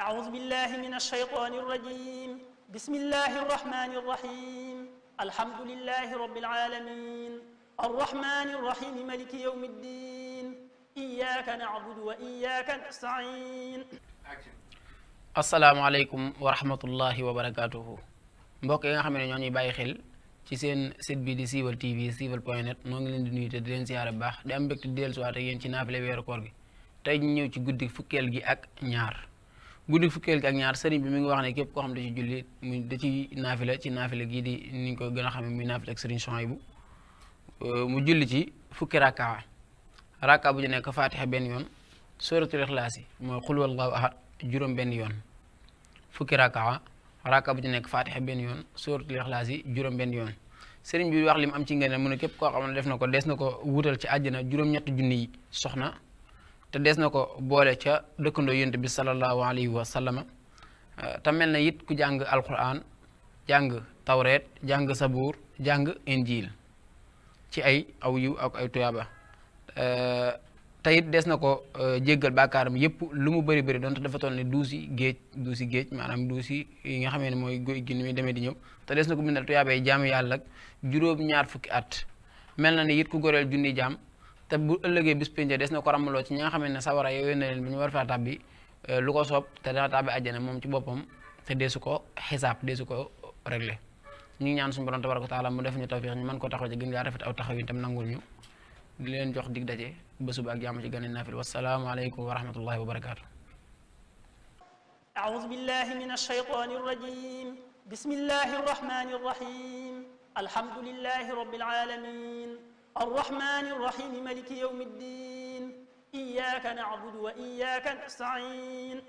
أعوذ بالله من الشيطان الرجيم بسم الله الرحمن الرحيم الحمد لله رب العالمين الرحمن الرحيم ملك يوم الدين إياك نعبد وإياك نستعين asalaamaaleykum wa rahmatullahi wa barakaatuhu mbokk yi nga xam ne ñoo ngi bàyyi xel ci seen site bi di siiwal tv siiwal point net noo ngi leen di nuyu te di leen siyaare bu baax di am mbégte di dellusiwaat ak yéen ci naafile weeru koor gi tey ñëw ci guddi fukkeel gi ak ñaar guddi fukkeel gi ak ñaar sëriñ bi mi ngi wax ne képp koo xam da ci julli mu da ci naafila ci naafila gii di ni ko gën a xamee muy naafila ak sëriñ Souhaïbou mu julli ci fukki rakkaa rakkaa bu ci nekk faatixa benn yoon suratul ixlaas mooy xul wallahu juróom benn yoon fukki rakkaa bu ci nekk faatixa benn yoon suratul ixlaas yi juróom benn yoon sëriñ bi wax lim am ci ngeen mun ne képp koo xam ne def na ko des na ko wutal ci àjjana juróom-ñett junni yi soxna te des na ko boole ca dëkkandoo yonent bi sallallahu alayhi wa sallama euh, te mel na it ku jàng alquran jàng tawreet jàng sabuur jàng injil ci ay aw yiw ak ay tuyaaba euh, te it des na ko euh, jéggal bàkkaaram yëpp lu mu bari bëri donte dafa toll ne duusi géej duusi géej maanaam duusi yi nga xamee ne mooy góy gi ni muy demee di ñëw te des na ko bindal tuyaabay jaam yàlla ak juróom ñaar fukki at mel na ne it ku goreel junni jaam te bu ëllëgee bis pénc des na ko ramloo ci ñi nga xam ne sawara yooyu na leen bu ñu war faa tàbbi euh, lu ko jox dig daje ba suba ak jàmm ci gën a naafil wasalaamaaleykum wa rahmatullahi wa barakaatu. أعوذ بالله من الشيطان الرجيم بسم الله الرحمن الرحمن الرحيم ملك يوم الدين إياك نعبد وإياك نستعين